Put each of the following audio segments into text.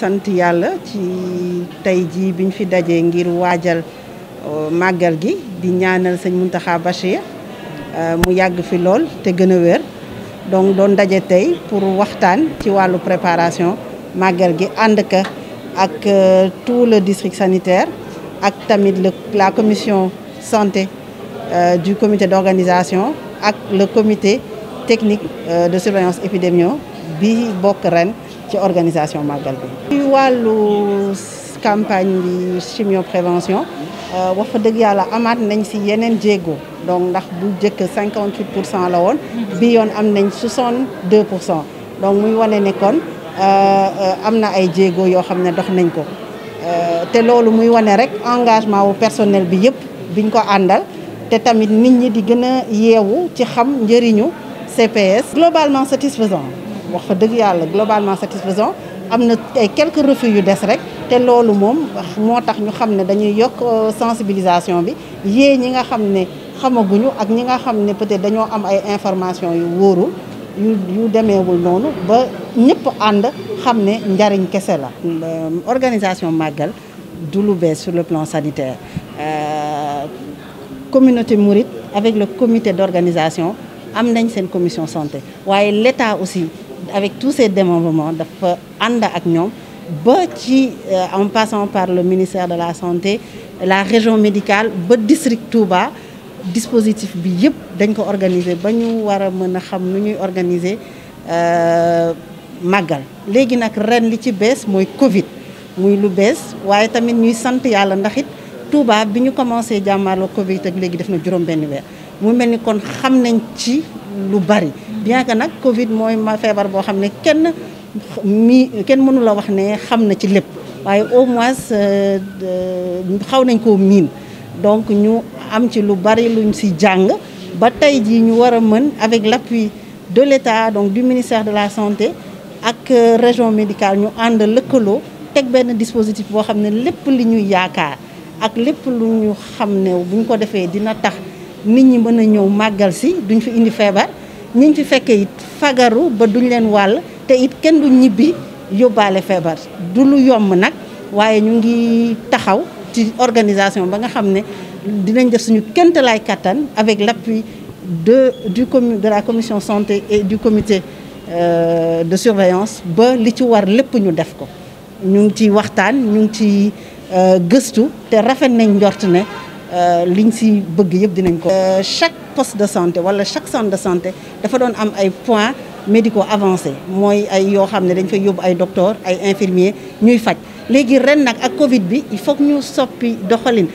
sant yàlla ci tey jii biñ fi dajee ngir waajal euh, màggal gi di ñaanal sëñ Mountakha Bachir euh, mu yàgg fi lool te gën a wér donc doon daje tey pour waxtaan ci wàllu préparation màggal gi ànd ka ak euh, tout le district sanitaire ak tamit la commission santé du comité d'organisation ak le comité technique de surveillance épidémio bi bokk ren ci organisation màggal bi. ci wàllu campagne bi chimio prévention euh, wax fa dëgg yàlla amaat nañ si yeneen jéego donc ndax bu njëkk 58 pour cent la woon. bi yoon am nañ 62 pour cent donc muy wane nekkoon kon euh, euh, am na ay jéego yoo xam ne dox nañ ko. te loolu muy wane rek engagement wu personnel bi yëpp biñ ko àndal te tamit nit ñi di gën a yeewu ci xam njëriñu CPS globalement satisfaisant wax dëgg yàlla globalement satisfaisant am na ay quelques refus yu des rek te loolu moom moo tax ñu xam ne dañuy yokk euh, sensibilisation bi yée ñi nga xam ne xamaguñu ak ñi nga xam ne peut-être dañoo am ay information yu wóorul yu yu demeewul noonu ba ñëpp ànd xam ne njariñ kese la euh, organisation màggal du lu bees sur le plan sanitaire euh, communauté mouride avec le comité d'organisation am nañ seen commission santé waaye l'État aussi avec tous ces démembrements dafa ànd ak ñoom ba ci euh, en passant par le ministère de la santé la région médicale ba district Touba dispositif bi yëpp dañ ko organiser ba ñu war a mën a xam nu ñuy organiser euh, màggal léegi nag ren li ci bees mooy Covid muy lu bees waaye tamit ñuy sant yàlla ndax it Touba bi ñu commencé jàmmaarloo Covid ak léegi def na juróom benn weer mu mel ni kon xam nañ ci lu bari bien que nag Covid mooy ma feebar boo xam ne kenn mi kenn mënu wax ne xam na ci lépp waaye au moins euh, xaw nañ ko miin donc ñu am ci lu bari luñ si jàng ba tey jii ñu war a mën avec l'appui de l'État donc du ministère de la santé ak euh, région médical ñu ànd lëkkaloo teg benn dispositif boo xam ne lépp li ñuy yaakaar ak lépp lu ñu xam ne buñ ko defee dina tax nit ñi mën a ñëw màggal si duñ fi indi feebar ñiñ fi fekkee it fagaru ba duñ leen wàll te it kenn du ñibbi yóbbaale feebar du lu yomb nag waaye ñu ngi taxaw ci organisation ba nga xam ne dinañ def suñu lay kattan avec l'appui de du comi de la commission santé et du comité euh, de surveillance ba li ci war lépp ñu def ko ñu ngi ci waxtaan ñu ngi ci euh, gëstu te rafet nañ njort ne Euh, liñ si bëgg yëpp dinañ ko. Euh, chaque poste de santé wala chaque centre de santé dafa doon am ay points médicaux avancé mooy ay yoo xam ne dañ fay yóbbu ay docteurs ay infirmier ñuy faj léegi ren nag ak Covid bi il faut ñu soppi doxalin.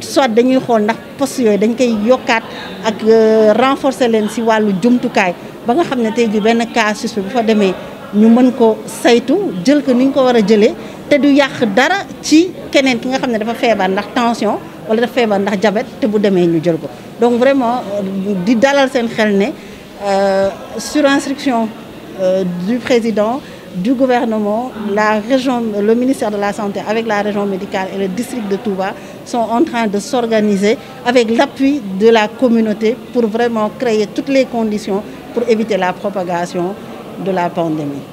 soit dañuy xool ndax poste yooyu dañ koy yokkaat ak euh, renforcer leen si wàllu jumtukaay ba nga xam ne tey jii benn cas suspect bu fa demee ñu mën ko saytu jël ko ni ñu ko war a jëlee te du yàq dara ci keneen ki nga xam ne dafa feebar ndax tension wala dafa feebar ndax jabet te bu demee ñu jël ko donc vraiment euh, di dalal seen xel ne euh, sur instruction euh, du président du gouvernement la région le ministère de la santé avec la région médicale et le district de Touba sont en train de s'organiser avec l'appui de la communauté pour vraiment créer toutes les conditions pour éviter la propagation de la pandémie